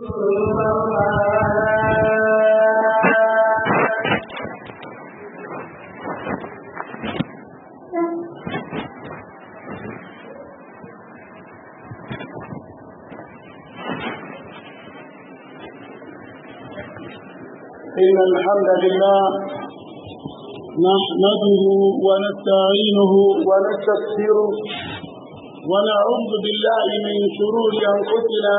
إن الحمد لله نحمده ونستعينه ونستغفره ونعوذ بالله من شرور أنفسنا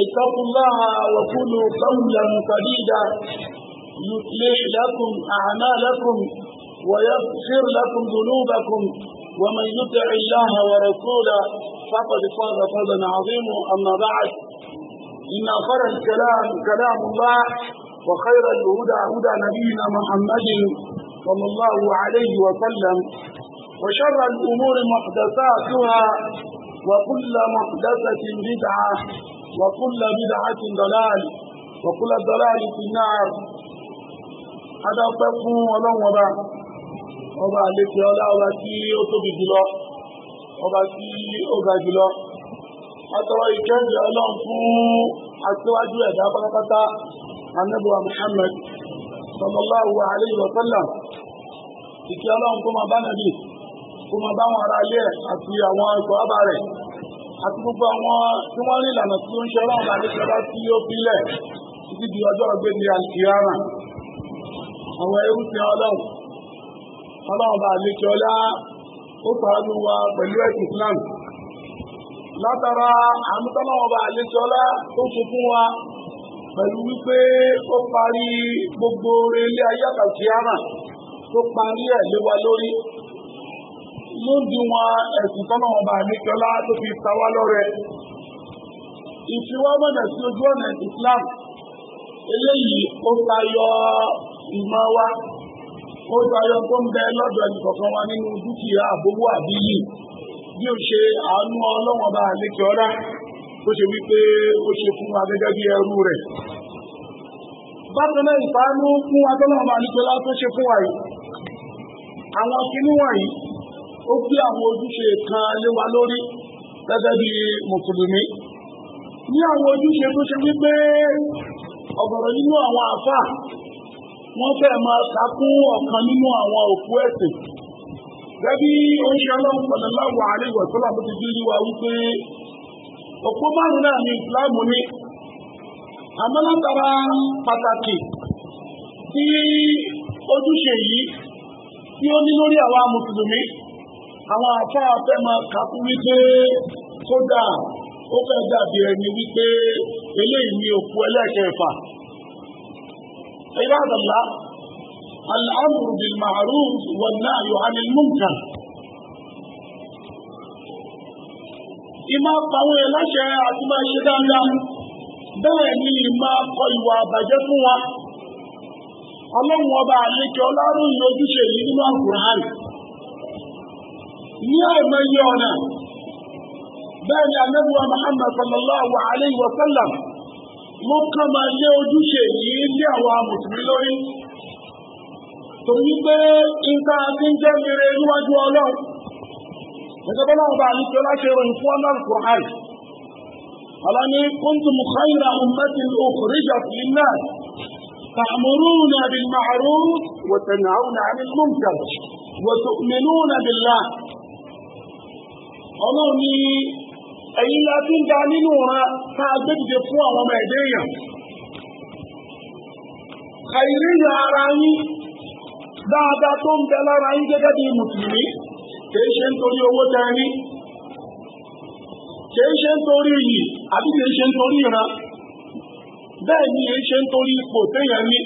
اتقوا الله وقولوا قولا سديدا يصلح لكم أعمالكم ويغفر لكم ذنوبكم ومن يطع الله ورسوله فقد فاز فوزا عظيما أما بعد إن خير الكلام كلام الله وخير الهدى هدى نبينا محمد صلى الله عليه وسلم وشر الأمور محدثاتها وكل محدثة بدعة وكل بدعة ضلال وكل ضلال في النار هذا فكم ولن وبا ọba àlejò ọlá ọba tí ó tóbi jùlọ ọba tí ó ga jùlọ àtọwọ́ ìkẹ́jì ọlọ́run fún aṣíwájú ẹ̀dá pátápátá anábùwà Muhammad sallallahu alayhi wa sallam ìkẹ́ ọlọ́run kó máa bá nàbì kó máa bá wọn ara ilé ẹ̀ àti àwọn ọkọ̀ ọba rẹ̀ àti gbogbo àwọn tí wọ́n rí ìlànà tí ó ń ṣe ọlọ́run bá nípa tí ó bílẹ̀ títí di ọjọ́ ọgbẹ́ ní àkíyàrá àwọn irúfẹ́ ọlọ́run ọlọ́run bá àlejò ọlá ó sàánú wa pẹ̀lú ẹ̀sìn Islam látara àmútọ́lọ́run bá àlejò ọlá tó ṣe fún wa pẹ̀lú wípé ó parí gbogbo ilé ayé àkàkíyàrá tó parí ẹ̀ léwa lórí. lódiwọn ẹ̀sùn tọ́nà ọba àníkọlá tó fi ẹ, lọ́rẹ ìfiwọ́mọ̀nà sí ojú ọ̀nà Islam eléyìí ó tayọ ìmọ̀ wa ó tayọ tó ń bẹ lọ́dọ̀ ẹnìkọ̀ọ̀kan wa nínú dúkìá àbówó àbíyì bí ṣe àánú ọlọ́wọ́n tó ṣe wípé ó ṣe fún fún wa tọ́lọ́wọ́n tó fún wa yìí àwọn ó gbé àwọn ojúṣe kan lé wa lórí gẹ́gẹ́ bí mùsùlùmí ní àwọn ojúṣe tó ṣe wípé ọ̀gọ̀rọ̀ nínú àwọn àfà wọ́n fẹ́ máa takún ọ̀kan nínú àwọn òkú ẹ̀sìn gẹ́bí oúnjẹ ọlọ́run sallallahu alaihi wa sallam ti di rí wa wípé òpó márùn náà ní ìsìláàmù ní àmọ́ látara pàtàkì tí ojúṣe yìí tí ó ní lórí àwa mùsùlùmí àwọn àfáà fẹ́ máa kàkú wípé kódà ó fẹ́ dàbí ẹni wípé eléyìí ní òkú ẹlẹ́ẹ̀kẹfà ìbádàlá al-amru bil ma'ruf wọn nahyu 'anil munkar ìmá pàwọn ẹlẹ́ṣẹ̀ àti máa ṣe dáadáa bẹ́ẹ̀ ni ìmá kọ ìwà àbàjẹ́ fún wa ọlọ́run ọba àlejò ojúṣe يا من يونا بل يا محمد صلى الله عليه وسلم مكما ليو دوشي يدي هو مسلمين تريد إن تاتين جميرين واجو الله لقد الله بعد كلا شيء فوانا القرآن قال أني كنتم خير أمة أخرجت للناس تأمرون بالمعروف وتنهون عن المنكر وتؤمنون بالله ọlọ́run ní ẹ̀yìn la tún da nínú ọ̀ràn tá a gbé dìde fún àwọn ọmọ ẹ̀dẹ́ èèyàn àìríyà ara yín dáadáa tó ń bẹ lára yín gẹ́gẹ́ bí mùsùlùmí kìí ṣe nítorí owó tẹ ní kìí ṣe nítorí yìí àbí kìí ṣe nítorí ìran bẹ́ẹ̀ ni kìí ṣe nítorí ipò téèyàn ní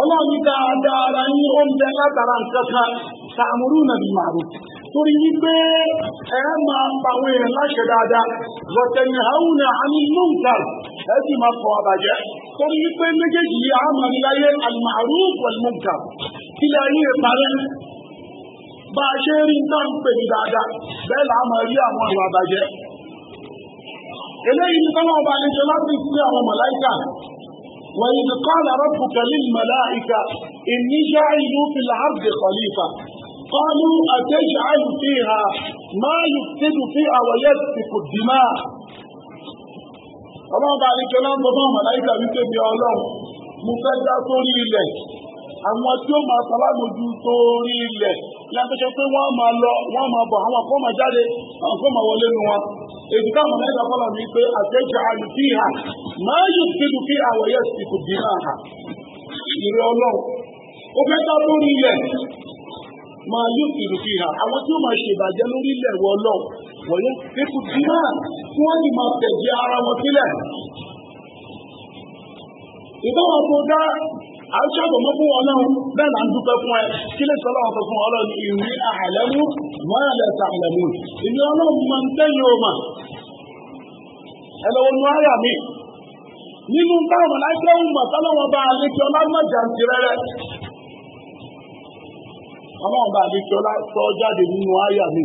ọlọ́run dáadáa ara yín ó ń bẹ látara nǹkan kan tààmúrú nàbí màrúfù torí wípé ẹ máa pa àwọn èèyàn láṣẹ dáadáa wọ̀tẹ̀yìn haúnà àmì mọ́ǹkà ẹ sì máa kọ̀ àbàjẹ́ torí wípé méjèèjì yìí a máa láyé àlùmàrú pọ̀lùmọ́ǹkà kílẹ̀ ayé ìparẹ́ bá a ṣe rí náà ń pè ní dáadáa bẹ́ẹ̀ là á máa rí àwọn ọ̀rọ̀ àbàjẹ́ eléyìí ní kọ́lá ọba àlejò láti sí àwọn mọ̀láìkà wọ̀nyí ni kọ́lá rọ́pù kẹ́lí mọ̀láìkà ìníṣẹ́ ìlú fìlà قالوا أتجعل فيها ما يفسد فيها ويسفك الدماء ọlọ́run bá àríkẹ́ náà sọ fún wípé mi ọlọ́run mo fẹ́ dá sórí ilẹ̀ àwọn tí ó máa sàlámójú sórí ilẹ̀ yàtọ̀ṣe pé wọ́n máa lọ wọ́n máa bọ̀ àwọn kan máa jáde àwọn kan máa wọlé nu wọn èyí táwọn mẹ́ta fọlọ́ mi pé máa síbi kí àwọ̀yẹ́ sì kò máa yóò fìdí fi hàn àwọn tí ó máa ṣe ìbàjẹ́ lórílẹ̀ wọ lọ wọ̀nyí pípù tí náà tí wọ́n sì máa tẹ̀jẹ́ ara wọn sílẹ̀. ìbáwọn tó dá àṣà àbọ̀mọ́ fún wọn náà bẹ́ẹ̀ là ń dúpẹ́ fún ẹ kí lè sọ láwọn fún ọlọ́run ìwé àlẹ́mú wọ́n àlẹ́ sàlẹ̀mú ìlú ọlọ́run máa ń tẹ́yìn ọmọ ẹ lọ́wọ́ nú àyà mi nínú táwọn aláṣẹ òun mọ̀ sálọ́wọ́n bá a lè fi ọlá mọ̀ jàǹtì rẹ́rẹ́ ọlọ́run bá àlejò ọlá sọ jáde nínú àyà mi.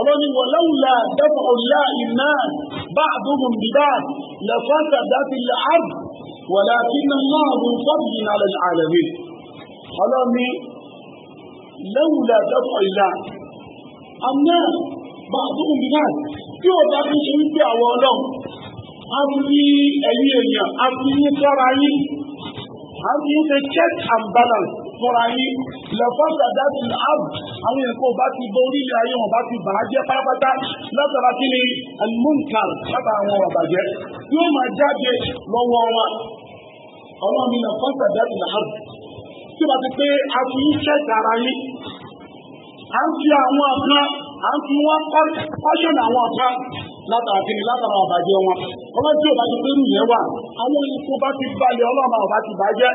ọlọ́ni wọ̀lọ́wùlà dẹ́kun ọ̀là iná bá àdúgbò bíbá lẹ́fọ́sà dábì láàrù wọ̀lá kí ní náà ló ń sọ́bì ní alẹ́ àlẹ́mí. ọlọ́ni lẹ́wùlà dẹ́kun ọ̀là àmì bá àdúgbò bíbá tí ó bá fi ṣe wípé àwọn ọlọ́run a fi ẹ̀yìn èèyàn a fi ń sọ́ra yín a fi ń ṣe check and balance fúnra yín lẹ́fọ́nsà dáàbì ààbò àwọn yẹn kó bá ti borí ilé ayé wọn bá ti bàá jẹ́ pátápátá látara kí ni alimunkar lábà àwọn àbàjẹ́ yóò máa jáde lọ́wọ́ wa ọlọ́run mi lẹ́fọ́nsà dáàbì ààbò tí wọ́n ti pé a fi ń ṣẹ̀dára yín à ń fi àwọn kan à ń fi wọ́n pọ́ṣọ̀nù àwọn kan látara kí ni látara àbàjẹ́ wọn ọlọ́run tí ò bá ti pé rú yẹn wà àwọn ìfowópamọ́ ti balẹ̀ ọlọ́run àwọn bá ti bàjẹ́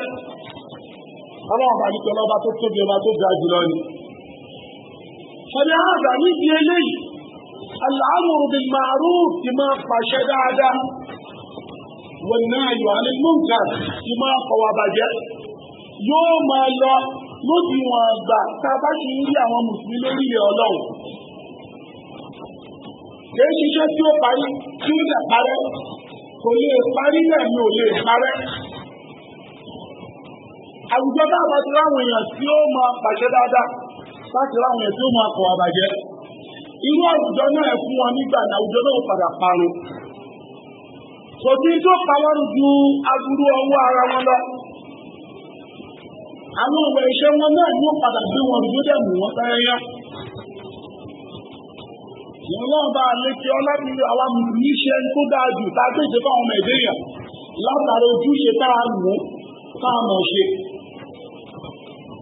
ọlọ́run bá yí pẹ̀lú ọba tó tóbi ọba tó ga jùlọ ni. ṣẹlẹ̀ àgbà níbi eléyìí aláàmùrù bil ma'ruf ti máa pàṣẹ dáadáa wọn náà yọ àní múnkà ti máa kọwà bàjẹ́ yóò máa lọ lójú wọn àgbà tá a bá ti ń rí àwọn mùsùlùmí lórí ilẹ̀ ọlọ́run. kìí ṣiṣẹ́ tí ó parí tí ó dẹ̀ parẹ́ kò lè parí náà ni ò lè parẹ́. àwùjọ a bá ti ráwọn èèyàn tí ó mọ bàjẹ́ dáadáa láti ráwọn èèyàn tí ó mọ akọ̀ àbàjẹ́ irú àwùjọ náà fún wọn nígbà náà àwùjọ náà padà parun kò sí tó ju agbúrú ọwọ́ ara wọn lọ àwọn wọn náà padà gbé wọn ló dẹ̀ mú wọn yá wọn náà bá a lè ṣe ọlábìlú àwa mùsùlùmí ṣe ń tó dáa jù tá a fáwọn ọmọ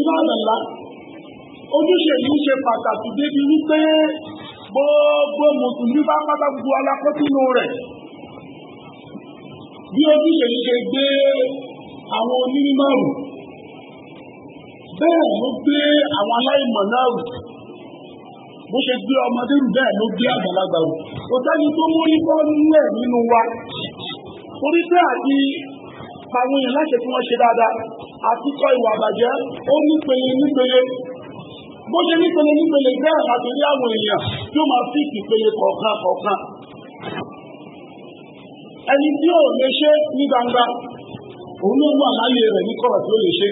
ìbádàlá ojúṣe yìí ṣe pàtàkì débi wípé gbogbo mùsùlùmí bá pátá gbogbo alákọ́tínú rẹ̀ bí ojúṣe yìí ṣe gbé àwọn onímọ̀ rù bẹ́ẹ̀ ló gbé àwọn aláìmọ̀ náà rù bó ṣe gbé ọmọdé rù bẹ́ẹ̀ ló gbé àgbàlagbà rù kò sẹ́ni tó mórí bọ́ nílẹ̀ nínú wa torí pé àti pàwọn èèyàn láṣẹ kí wọ́n ṣe dáadáa àtikọ́ ìwà àbàjẹ́ ó nípele nípele bó ṣe nípele nípele bẹ́ẹ̀ láti rí àwọn èèyàn tí ó máa fi ìpele kọ̀ọ̀kan kọ̀ọ̀kan ẹni tí ò lè ṣe ní gbangba òun ló wà láyé rẹ̀ ní kọ̀rọ̀ tí ó lè ṣe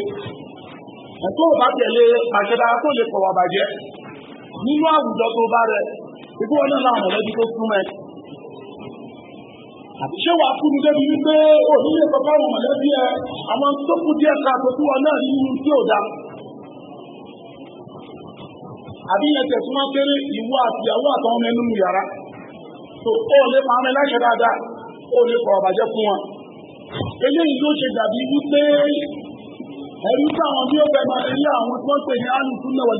ẹ̀tọ́ ò bá tẹ̀lé àṣẹdá tó lè kọ̀wà bàjẹ́ nínú àwùjọ tó bá rẹ̀ ìgbó ọ̀nà náà mọ̀lẹ́bí tó súnmọ́ ẹ̀ ṣé wàá kú mi débi wípé òṣìṣẹ́ sọ fáwọn mọ̀lẹ́bí ẹ àwọn tó kù díẹ̀ ká àtòkù wọn náà nínú tí ò dáa. àbí yẹn tẹ̀ súnmọ́ kéré ìwọ àtìyàwó àtàwọn ọmọ ẹnu yàrá tó ó lè máa mẹ láṣẹ dáadáa ó lè kọ̀ ọ̀bàjẹ́ fún wọn. eléyìí ló ṣe dàbí wípé ẹ̀rú táwọn bí ó fẹ́ máa rí àwọn tí wọ́n pè ní alùpùpù náà wọ̀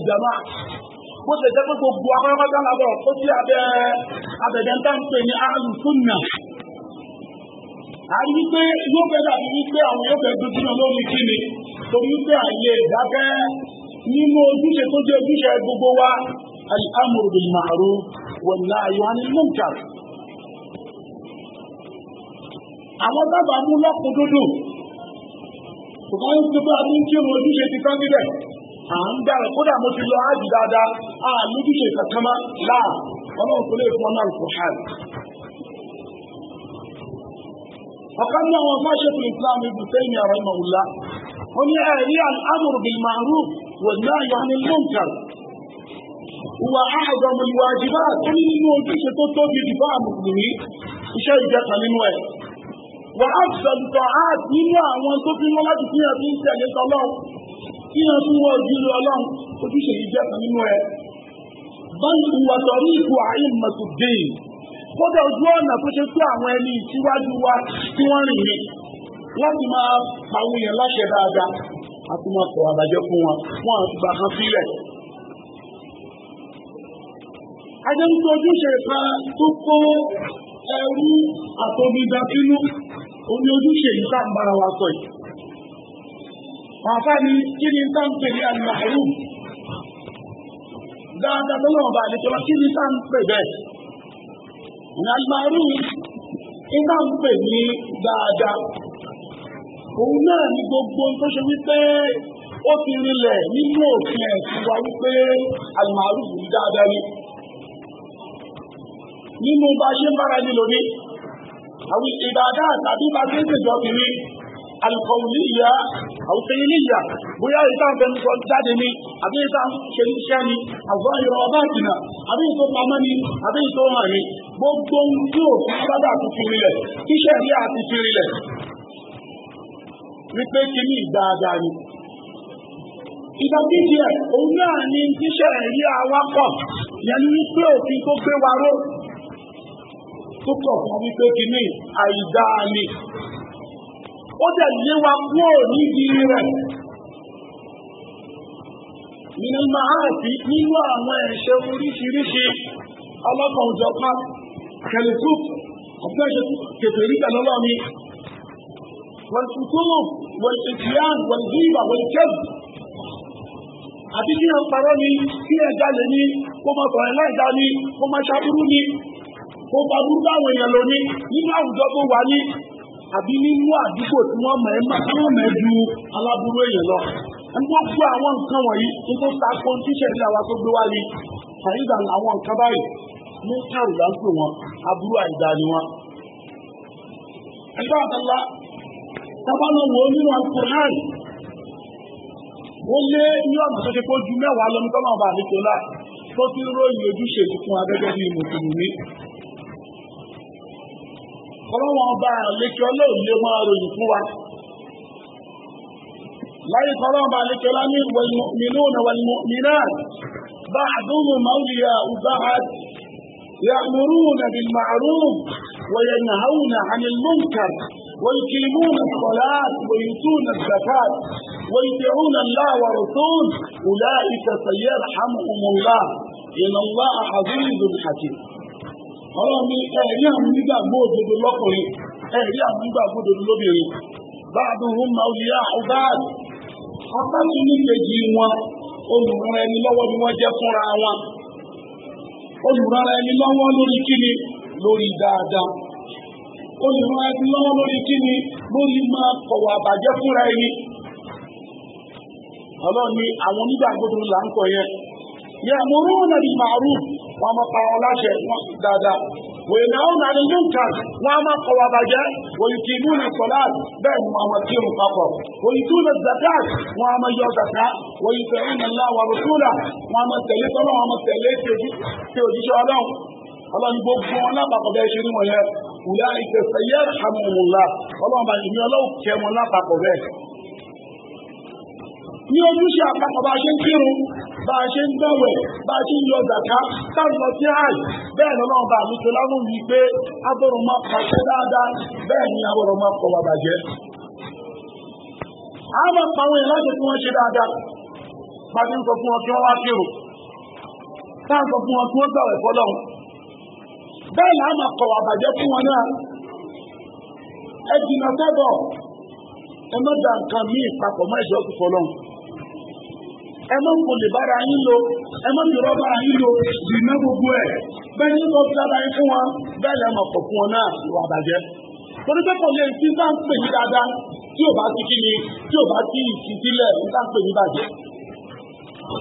bó ṣe jẹ́ pé gbogbo akọ́kọ́ a rí i pé yóò dàbí wípé àwọn yóò fẹ́ dúdú náà lórí kí ni torí wípé àyè ìdákẹ́ nínú ojúṣe tó jẹ́ ojúṣe gbogbo wa al-amru bil ma'ruf wan àwọn dábàá mú lọ́kùn dúdú ṣùgbọ́n ojúṣe ti kán níbẹ̀ à ń ọ̀kan ní àwọn fáṣẹ́kùn islam ibùn tẹ́yìn àrẹ ìmọ̀wùlá wọ́n ní ẹ̀rí al'amur bil ma'ruf wal nahy 'anil munkar huwa a'zamu al-wajibat tó ní nínú ojúṣe tó tóbi jù bá mùsùlùmí iṣẹ́ ìjẹta nínú ẹ̀ wà á sọ̀tọ̀ á nínú àwọn tó fi wọ́n láti fihàn fi ń tẹ̀lé tọ́lọ́ fihàn fún wọn ojúlé ọlọ́run ojúṣe ìjẹta nínú ẹ̀ báyìí wà tọ̀rí ìkù àìmọ̀tòdéyìí kódà ojú ọ̀nà tó ṣe tó àwọn ẹni ìsíwájú wa tí wọ́n rìn ní wọ́n ti máa pàwọn èèyàn láṣẹ dáadáa a máa fún wọn wọn àti gbà kan sílẹ̀. ajẹ́nukú ojúṣe kan tó kó ẹrú àtòmídà sínú omi ojúṣe yìí tá à ń bára wa sọ yìí. Màfá ni ni tá ń pè ní àlùmáàrú? Dáadáa tó lọ́wọ́ bá kí ni nàgbàrú iná ń pè ní dáadáa òun náà ni gbogbo tó ṣe wípé ó ti rinlẹ̀ nínú òfin ẹ̀sìn wa wípé àlùmárù yìí dáadáa ni nínú bá ṣe ń bára ní lónìí àwọn ìbàdá tàbí bá ṣe ń ṣèjọ kiri alkọ̀wìlìyà àwùsẹ̀yìnìyà bóyá ìta àfẹnusọ jáde ni àbí ìta ṣe iṣẹ́ ni àwọn ìrọ̀ ọba ìtìnà àbí ìtò pamọ́ ni àbí ìtò hàn ni gbogbo ohun tí ò sí sábà ti fi rinlẹ̀ iṣẹ́ rí àti fi rinlẹ̀ wípé kíní dáadáa ni. ìdákejì ẹ̀ òun náà ni iṣẹ́ rí awakọ̀ yẹn ní pé òfin tó gbé wa ró tó kọ̀ fún wípé kíní àìdáa ni. ó dẹ̀ lé wa kúrò nídìí rẹ̀ nínú màá sí nínú àwọn ẹ̀ṣẹ̀ oríṣiríṣi ọlọ́kan òjọ̀kan kẹlẹ̀kú ọ̀pẹ́ kẹfẹ́ rí pẹ̀lú ọlọ́run mi wọ́n ti kúrò wọ́n ti kíá wọ́n ti ìwà wọ́n kẹ́bù àti kí ẹn parọ́ ni kí ẹ jalè ni kó máa sọ̀rọ̀ ẹ̀láìdá ni kó máa ṣàbúrú ni kó bá burúkú àwọn èèyàn lò ní nínú àwùjọ tó wà ní àbí nínú àdúgbò tí wọ́n mọ̀ ẹ́ má tí wọ́n mọ̀ ẹ́ ju aláburú èèyàn lọ. ẹni tó gbọ́ àwọn nǹkan wọ̀nyí ní tó ta kó tíṣẹ̀ ní tó gbé wá ni àyíká àwọn nǹkan báyìí mú kárù láńpẹ́ wọn aburú àìdá ni wọn. ẹgbẹ́ àtàlá sábàánà wò ó nínú àkùnrin wọ́n lé ní ọ̀nà tó ṣe kó ju mẹ́wàá lọ nípa náà bá àlejò náà tó ti ròyìn ojúṣe tuntun abẹ́gẹ́ bíi mùsùlùmí. ọlọ́wọ́n ọba àlejò náà lè máa ròyìn fún wa láyé kọ́lọ́ọ̀bà alẹ́kẹ́lá ní wal mu'minuna wal mu'minat ba'duhum awliya'u ba'd يأمرون بالمعروف وينهون عن المنكر ويقيمون الصلاة ويؤتون الزكاة ويطيعون الله ورسوله أولئك سيرحمهم الله إن الله عزيز حكيم ọlọ́run ní ẹ̀rí àwọn onígbàgbọ́ òdodo lọ́kùnrin ẹ̀rí àwọn onígbàgbọ́ òdodo lóbìnrin báàdùn mauliyá ọ̀báàdì ọ̀báàdì ní kejì wọn olùrànlọ́wọ́ ni wọ́n jẹ́ fúnra wọn olùrànlá ẹni lọ́wọ́ lórí kíni lórí dáadáa olùrànlá ẹni lọ́wọ́ lórí kíni lórí máa kọ̀wọ̀ àbàjẹ́ fúnra ẹni ọlọ́run ni àwọn onígbàgbọ́dọ̀ là ń kọ yẹn yẹ àmọ́ orúkọ náà di wọn máa pa ọ láṣẹ dáadáa وينهون عن المنكر وما قوى بجاء ويقيمون الصلاة بين وما كيروا فقط ويؤتون الزكاة وما يرزقا ويطيعون الله ورسوله وما تليت الله وما تليت تيوجيش الله الله يبقى ولا بقى بيشير ولا أولئك سيرحمهم الله الله ما يمي الله كم ولا بقى بيه ní ojúṣe àpapọ̀ bá ṣe ń kírun bá a ṣe ń gbẹ̀wẹ̀ bá a ṣe ń yọ zàká táwọn lọ sí àì bẹ́ẹ̀ lọ́nà ọba àlùkò láwọn wí pé agbọ́dọ̀ máa pàṣẹ dáadáa bẹ́ẹ̀ ni agbọ́dọ̀ máa kọ̀ wà bàjẹ́. a máa pa àwọn ìlànà tí wọ́n ṣe dáadáa pàṣẹ ń sọ fún wọn kí wọ́n wá kírò táà sọ fún wọn kí wọ́n gbàwẹ̀ fọlọ́run bẹ́ẹ̀ ni a máa kọ̀ wà bàjẹ́ fún wọn náà ẹ jìnnà sẹ́bọ̀ ẹ má kò lè bára yín lò ẹ má fi rọ́bà yín lò dìná gbogbo ẹ̀ bẹ́ẹ̀ ní lọ́ọ́ fi lára yín fún wọn bẹ́ẹ̀ lẹ́ mọ̀ pọ̀ fún wọn náà ìwà àbàjẹ́. torí pé kò lè fi bá ń dáadáa tí ò bá ti kí ni tí ò bá ti ìfìsílẹ̀ ń bá ń pè bàjẹ́.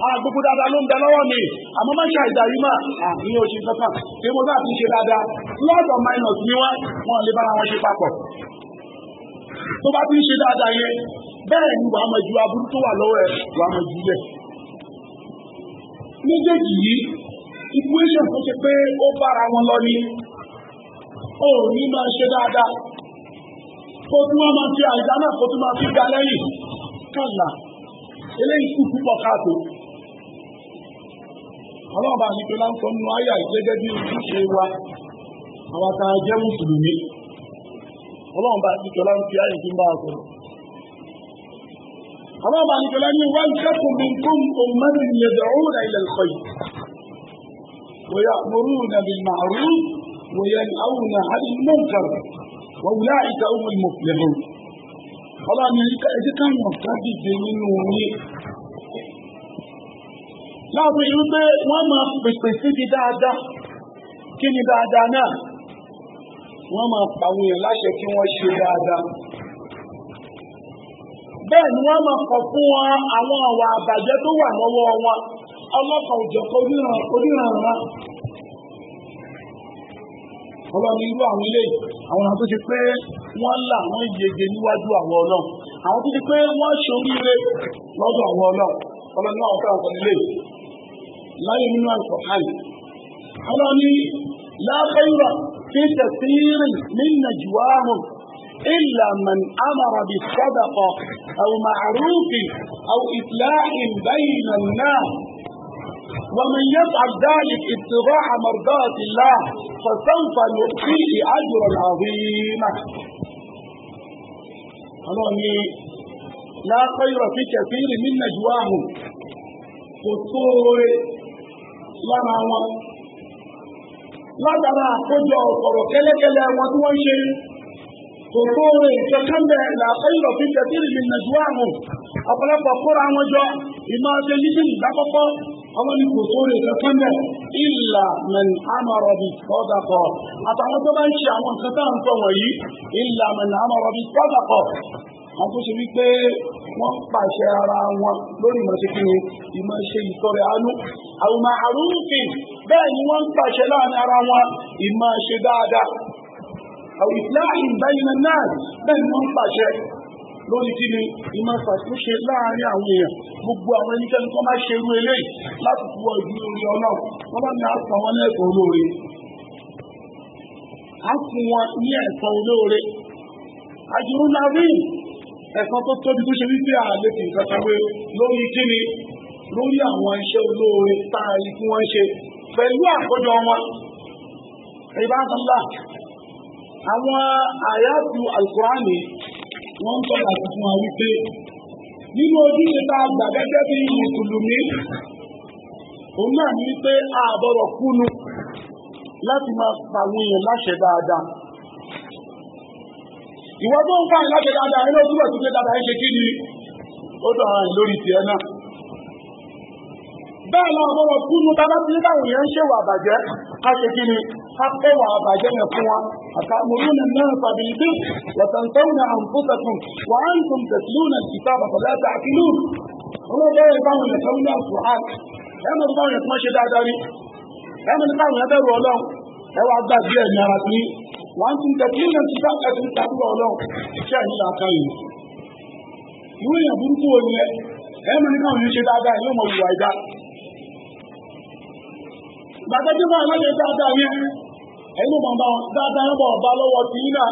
àwọn gbogbo dáadáa ló ń bẹ lọ́wọ́ mi àmọ́ má ṣe àìdàrí mà àní oṣù kankan tí mo bá ti ṣe dáadáa lọ́dọ̀ minus ni wọ́n wọn lè bára wọn ṣe papọ̀. tó bá ti ń ṣe dáadáa yẹn bẹ́ẹ̀ ni wàá mọ̀ ju aburú tó wà lọ́wọ́ ẹ̀ wàá mọ̀ ju bẹ́ẹ̀ méjèèjì yìí equation tó ṣe pé ó bára wọn lọ ní ó ní máa ṣe dáadáa kó tí wọ́n máa fi àìdá náà kó tí máa fi ga lẹ́yìn kànlá eléyìí kú púpọ̀ káàtó ọlọ́run bá ní pé láǹkọ́ nínú àyà ìgbẹ́gẹ́ bí ojúṣe wa àwọn tá jẹ́ mùsùlùmí ọlọ́run bá ní pé láǹkọ́ àyè tó ń bá a sọ̀rọ̀. حرام عليك الآن ولتكن منكم أمة يدعون إلى الخير ويأمرون بالمعروف وينهون عن المنكر وأولئك هم المفلحون حرام عليك إذا كان مفتاح الدين لا بيوت وما بسيط دادا كني دادا نا وما بقوي لا شيء وشي دادا bẹ́ẹ̀ ni wọ́n máa kọ̀ fún wọn àwọn ọ̀wà àbàjẹ́ tó wà lọ́wọ́ wọn ọlọ́kọ̀ òjọ̀kọ̀ oníranran ọlọ́ni irú àwọn ilé àwọn àwọn tó ti pé wọ́n là wọ́n yege níwájú àwọn ọlọ́run àwọn tó ti pé wọ́n ṣoríire lọ́dọ̀ àwọn ọlọ́run ọlọ́ni náà ilé láyé nínú àìsàn ọlọ́ni إلا من أمر بالصدقة أو معروف أو إفلاح بين الناس ومن يفعل ذلك ابتغاء مرضاة الله فسوف يؤتيه أجرا عظيما أمامي لا خير في كثير من نجواهم قصور لما هو لا ترى كل أوصر كلا كلا kò tó nǹkan kan bẹ̀ làkàyọ̀ fi kẹtìrì mi nàjú àmọ́ ọ̀pọ̀lọpọ̀ kóra wọn jọ ìmọ̀ ṣe yíṣẹ́ ìdákọ́kọ́ àwọn ni kò tó nǹkan kan bẹ̀ ìlà mẹ́ni àmọ̀rọ̀bì sọ́dàkọ̀ àtàwọn tó bá ń ṣe àwọn nǹkan tá ń sọ wọ̀nyí ìlà mẹ́ni àmọ̀rọ̀bì sọ́dàkọ̀ wọn tó ṣe wípé wọn pàṣẹ ara wọn lórí ìmọ̀ṣe kí ni ìmọ̀ṣe ìtọrẹ àánú àwọn màrúfin bẹ́ẹ̀ ni wọ́n ń pàṣẹ láàrin ara wọn ìmọ̀ṣe dáadáa àwọn ìfìláàyè ìgbàyìnà náà bẹ́ẹ̀ ni wọ́n ń pàṣẹ lórí kí ni ìmọ̀ ṣàtúnṣe láàárín àwọn èèyàn gbogbo àwọn ẹnikẹ́ni tó máa ṣe irú eléyìí láti fi wọ ìdí orí ọlọ́run wọ́n bá ní àpò àwọn ẹ̀kọ́ olóore á fún wọn ní ẹ̀kọ́ olóore àjùrú náà rí ẹ̀kọ́ tó tóbi tó ṣe wípé àlè kì í kankan pé lórí kí ni lórí àwọn iṣẹ́ olóore tá a rí kí wọ́n ṣe pẹ̀lú àkójọ wọn àwọn àyàtú alukurani wọ́n ń tọ́ka sí fún wa wípé nínú ojú tá a bí mùsùlùmí òun náà ní wípé a kúnu láti máa pàwọn èèyàn láṣẹ dáadáa ìwọ tó ń fàyè láṣẹ dáadáa nínú tó dáadáa ṣe kí ni ó lórí tiẹ̀ náà bẹ́ẹ̀ náà ni ká kọ́wà àbàjẹ́ yẹn fún wa àtàmúrún náà tàbí ibi wàtàntàn àǹfùsàkùn wà á ń tún tẹ̀sílù náà kìtà bàbàlá àti àkìlù. wọ́n bẹ̀rẹ̀ báwọn yẹn kan ní àṣùhàn ẹ̀mọ̀ báwọn yẹn kan ṣe dáadáa rí ẹ̀mọ̀ ní báwọn yẹn bẹ̀rù ọlọ́run ẹ wá gbà díẹ̀ ní ara sí wà á ń tún tẹ̀sílù náà kìtà ẹ̀tún tàbí ọlọ́run iṣẹ́ yìí là ká yìí. ìwé yẹn burúkú wo ni ẹ ẹ̀mọ̀ ní báwọn yẹn ṣe dáadáa yóò mọ̀ wù ẹ̀yin bàbá dáadáa yẹn bọ̀ ọba lọ́wọ́ ti náà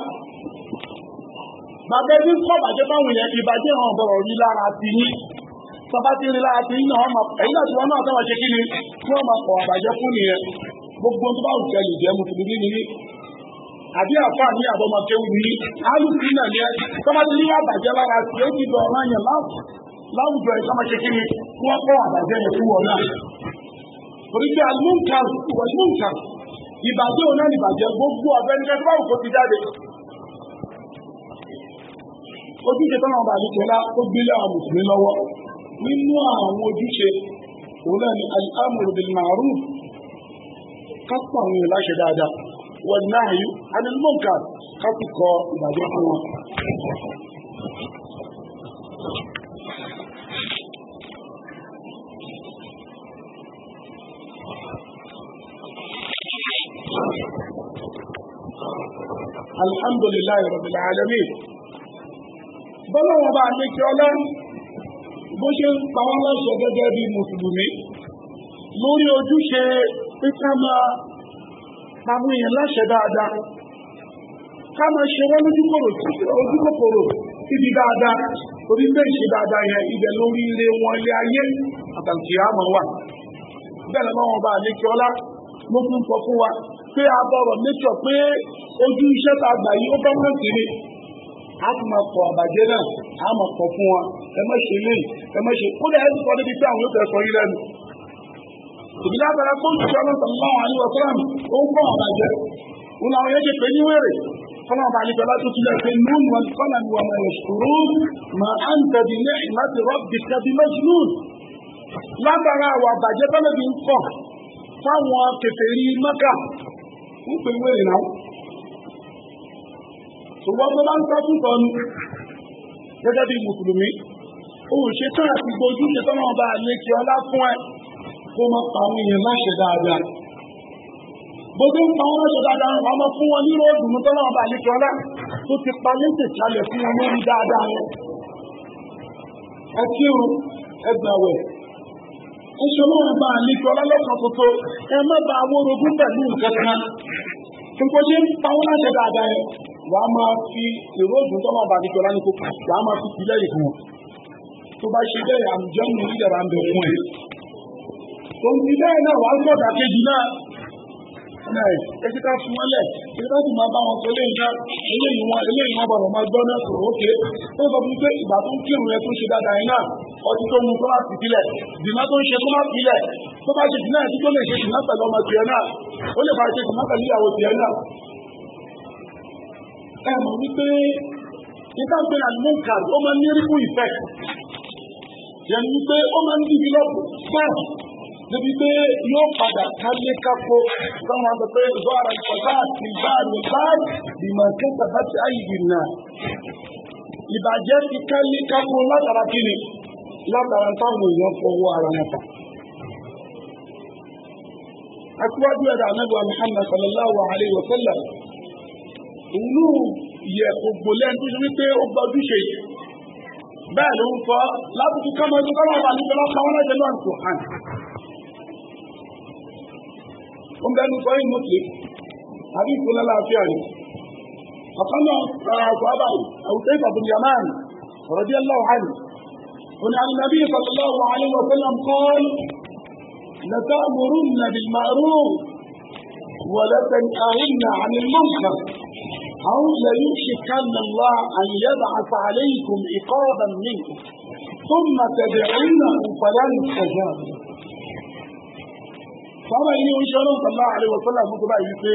bàbá ẹbí kọ́ bàjẹ́ báwọn yẹn ìbàjẹ́ hàn bọ̀rọ̀ lára ti yín sọba ti rí lára ti yín náà ọmọ ẹ̀yin náà ti wọn náà sábà ṣe kí ni fún àbàjẹ́ fún nìyẹn gbogbo tó bá wùjẹ́ lè jẹ́ mùsùlùmí àbí kéwù alùpùpù náà ẹ sọba ti rí lára ti ó ti dọ̀ yẹn láwùjọ ìbàjẹ́ òun náà ní ìbàjẹ́ gbogbo ọ̀fẹ́nikẹ́ tó bá wù kó ti jáde. ojúṣe tọ́nà ọba àdìkẹ́lá ó gbélé àwọn mùsùlùmí lọ́wọ́ nínú àwọn ojúṣe òun náà ni al-amru bil ma'ruf àwọn èèyàn láṣẹ dáadáa wọn náà yìí anil munkar kápíkọ ìbàjẹ́ fún wọn. alhamdulilayi rabbil alamin bọ́lá wọn bá ní kí ọlá bó ṣe ń pa wọn lọ́sọ̀ gẹ́gẹ́ bí mùsùlùmí lórí ojúṣe pípa máa àwọn èèyàn láṣẹ dáadáa ká máa ṣe wọ́n lójúkòkòrò síbi dáadáa torí pé ìṣe dáadáa yẹn ibẹ̀ lórí ilé wọn ilé ayé àtàkì àmọ́ wà bẹ́ẹ̀ lọ́wọ́ bá ní kí ọlá ló tún sọ fún wa pé a bọ̀rọ̀ mẹ́tọ̀ pé ojú iṣẹ́ tá a gbà yìí ó bá wọn kiri a tún máa kọ àbàjẹ́ náà a máa kọ fún wa ẹ má ṣe lé ẹ má ṣe kó lè ẹ ti kọ́ níbi tí àwọn yóò fẹ́ sọ yín lẹ́nu. ìdílé abala kó ju ọmọ sọmọ àwọn àyè wọ̀sán ó ń kọ́ àbàjẹ́ òun làwọn yẹn ṣe pé ní wèrè fọlọ́ ọba àlejò aláṣọ́tún lẹ́yìn pé nínú wọn kọ́nà ni wọn máa ṣòro máa ń tẹ̀lé ní ìmáṣe rọ́bì tẹ̀lé mẹ́jìlú látara àwọn àbàjẹ́ tọ́lẹ́bí ń kọ̀ fáwọn kèfèrí Mẹ́kà ń pè wéèrè náà ṣùgbọ́n tó bá ń tọ́jú sọnù gẹ́gẹ́ bí mùsùlùmí òun ṣe tán àti gbojú ṣe tán náà bá a lè kí ọlá fún ẹ kó máa pa àwọn èèyàn láṣẹ dáadáa gbogbo ń pa wọn láṣẹ dáadáa wọn máa fún wọn nírò òdùnú tán náà bá a lè kí ọlá tó ti pa lẹ́sẹ̀ kalẹ̀ fún wọn lórí dáadáa rẹ ẹ kírun ẹ oṣù ọlọ́run bá àlejò ọlọ́lọ́kan tuntun ẹ má ba awórogún pẹ̀lú nǹkan kan nípa ṣe ń pawọ́ láṣẹ dáadáa yẹn wàá máa fi ìrògùn tọ́lọ́ bá àlejò ọlọ́run kó wàá máa fi sílẹ̀ ìfún wọn tó bá ṣe bẹ́ẹ̀ àmì jẹ́nu onídàbà ń bẹ̀ fún ẹ̀ tó bẹ́ẹ̀ náà wàá gbọ́dọ̀ àkejì náà ẹtí ká fún wọn lẹ̀ ẹtí ká sì máa bá wọn sọ eléyìí náà eléyìí wọn eléyìí wọn bọ̀dọ̀ máa gbọ́ náà sọ̀rọ̀ ókè ó sọ fún pé ìgbà tó ń kírun yẹn tó ń ṣe dáadáa yẹn náà ọtí tó mu tó má sì bílẹ̀ dìmá tó ń ṣe tó má bílẹ̀ tó bá ṣe dìmá ẹtí tó lè ṣe dìmá pẹ̀lú ọmọ tiẹ̀ náà ó lè bá ṣe dìmá pẹ̀lú ìyàwó tiẹ̀ náà. ẹ mọ̀ wípé nígbà pé àlùmọ́ǹkà ó máa ń ní débi pé yóò padà kálé kápó sáwọn sọ pé zọ́ọ̀rọ̀ ìfọ̀tà àti báàlù báàlù ìmọ̀ kẹta bá ti ayé ìrìnà. ìbàjẹ́ ti kálé kápó látara kiri látara táwọn èèyàn fọwọ́ ara wọn fà. Aṣíwájú ẹ̀dá anábìwá Muhammad sallallahu alayhi wa sallam. Ìlú yẹ gbogbo lẹ́nu tó ṣe wípé ó gbọ́dú ṣe bẹ́ẹ̀ ló ń fọ́ lábùkù kámọ́ ẹ̀dùn kọ́lọ́ ọba nígbà lọ́kọ́ wọn lẹ́jẹ̀ náà kò hàn. ń bẹnu sọ yìí mọ́tì àbí ìfúnlẹ̀ láàfíà rẹ̀. ọ̀kan náà rárá ọ̀sọ̀ àbáyé àwùjọ ìfàbùn yamán rọ̀dí ẹlọ́wọ̀ hàn. òní ànàbí ìfàlọ́wọ̀ àlẹ́wọ̀ fẹ́lẹ̀ kọ́ọ́l لتأمرن بالمعروف ولتنهين عن المنكر أو ليوشكن الله أن يبعث عليكم عقابا منه ثم تدعونه فلا يستجاب sọ́rọ̀ ilé oúnjẹ ọlọ́run sọ́lá àríwọ̀ sọ́lá fún kọba yìí pé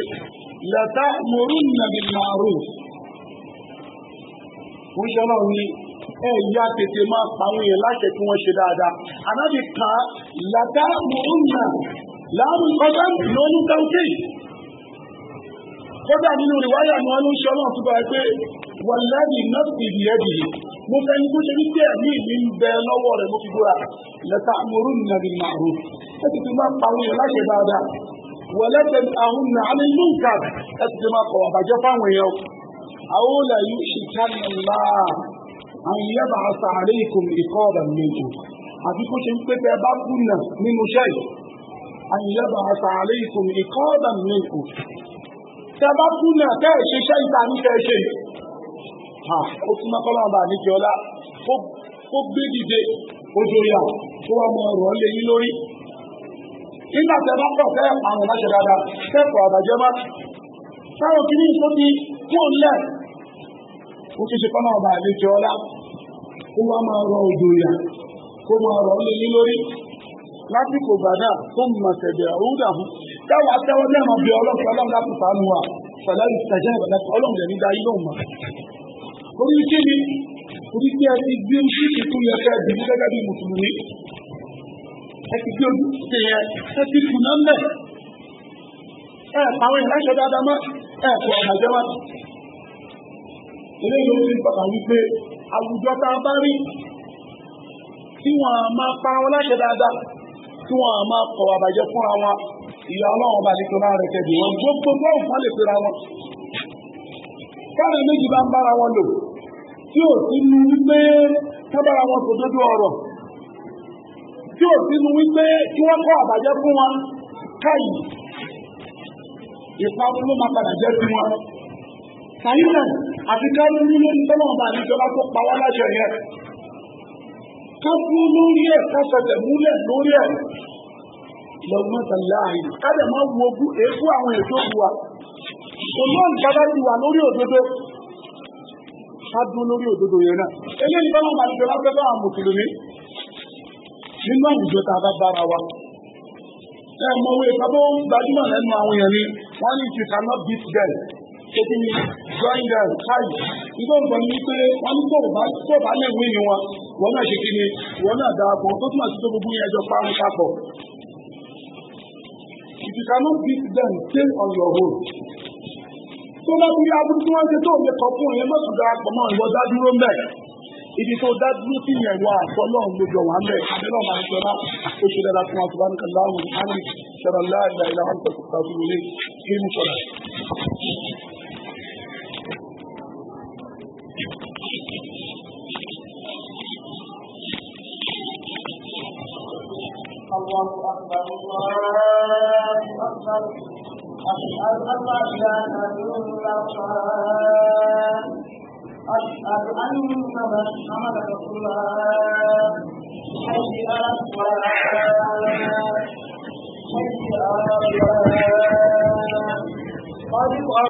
lẹ́tà mọ̀rún nàbì màrú oúnjẹ ọlọ́run ni ẹ yá tètè máa pàwọn èèyàn láṣẹ kí wọ́n ṣe dáadáa anábì ká lẹ́tà mọ̀rún nà láàrú ọjọ́ lónú tẹ́wọ́tì kódà nínú ìwáyà ni wọ́n ní oúnjẹ ọlọ́run fún kọba pé wàlẹ́bì nọ́ọ̀sì ìdíyẹ́bì mo fẹ́ ní kó ṣe wípé ẹ̀mí mi ń bẹ lọ́wọ́ rẹ̀ mo fi búra ẹ ti fi máa pa àwọn èèyàn láṣẹ dáadáa wọ̀lẹ́tẹ̀ àwọn nàánú lùkà ẹ ti fi máa kọ̀ àbàjẹ́ fáwọn èèyàn àwọn olè yìí ṣì kánì ńlá àwọn ìyá bá sàárè ìkùn ìkọ́ ọ̀rọ̀ méjì àti kó ṣe ń pé bẹ́ẹ̀ bá kùnà nínú iṣẹ́ yìí àwọn ìyá bá sàárè ìkùn ìkọ́ ọ̀rọ̀ méjì tẹ bá kùnà tẹ́ ẹ̀ ṣe iṣẹ́ ìta ní kẹ́ ṣe nígbà tẹ bá pọ̀ fẹ́ àwọn ọmọ ṣe dáadáa kẹ́kọ̀ọ́ àbàjẹ́ má táwọn kìíní tó ti kú lẹ̀ ó ti ṣe kọ́nà ọba àlejò ọlá kó wá máa rọ òjò ìyà kó máa rọ lé ní lórí lásìkò gbàdá tó mọ̀ ṣẹ̀dẹ̀ òwúdà fún káwọn atẹ́wọ́ náà mọ̀ bí ọlọ́pàá ọlọ́run láti sànù wa pẹ̀lẹ́ ìṣẹ̀jẹ̀ ìbẹ̀lẹ́pọ̀ ọlọ́run lè ní dá ilé òun mọ̀ orí kí ni orí kí ẹ ti gbé orí kí kú yẹ kẹ́ ẹ dìbò gẹ́gẹ́ bí ẹtì tí ojú ṣe yẹ ẹtì kù náà mẹ ẹ pàwọn ìdájọ dáadáa mọ ẹ pọ ìdájọ mọ. eléyìí ló ti pàtàkì wípé àwùjọ tá a bá rí tí wọn a máa pa wọn láṣẹ dáadáa tí wọn a máa kọ àbàjẹ́ fúnra wọn ìyá ọlọ́run bá ní kí wọn rẹ kẹbi wọn gbogbo bọ́ọ̀ fún àlè fúnra wọn. káàrin méjì bá ń bára wọn lò tí ò sí ní wípé tábàrà wọn kò dójú ọ̀rọ̀ tí ò sínú wípé kí wọ́n kọ́ àbàjẹ́ fún wọn káyì ìparun ló máa padà jẹ́ sí wọn. Sàyíǹdà àti káwọn nínú ìtọ́nà ọba àdìjọba tó pa wá láṣẹ yẹn. Ká dúró lórí ẹ̀ ká fẹsẹ̀ múlẹ̀ lórí ẹ̀. Lọ́gbọ́n sàlẹ̀ àyè. Ká dẹ̀ máa wo ojú èébú àwọn èso ìwà. Kò náà nǹkan bá ti wà lórí òdodo. Ká dúró lórí òdodo yẹn náà. Eléyìí tọ́nà ọba àdìjọba fẹ́ fẹ́ àwọn mùsùlùmí nínú àwùjọ tá a bá bára wa. ẹ mọ owó ìpamọ́ gbajúmọ̀ lẹ́nu àwọn èèyàn ni wọ́n ní you cannot beat them ètò ní join them káyì nígbà wọn ní pé wọn ní tó bá tó bá lè wí wọn wọn náà ṣe kí wọn náà darapọ̀ tó túmọ̀ sí gbogbo yẹn jọ parun papọ̀. if you cannot beat them stay on your own. tó bá ti rí abúlé tí wọ́n ṣe tó lè kọ́ fún yẹn mọ́tò darapọ̀ mọ́ ìwọ́dá dúró mẹ́rin. ibi you dá dúró sí yẹn wà fọlọ́run gbogbo wà mẹ́ abẹ́rẹ́ ọ̀ma ìṣọ́lá ó ṣe dára fún àtúbá ní kàlá àwọn ìhánì ṣẹlẹ̀ láàdá ìlà wọn tó kúta dúró lé kí ní sọ̀rọ̀. الله أكبر الله أكبر أشهد أن لا إله إلا الله أشهد أن محمد رسول الله حي على الصلاة حي على الصلاة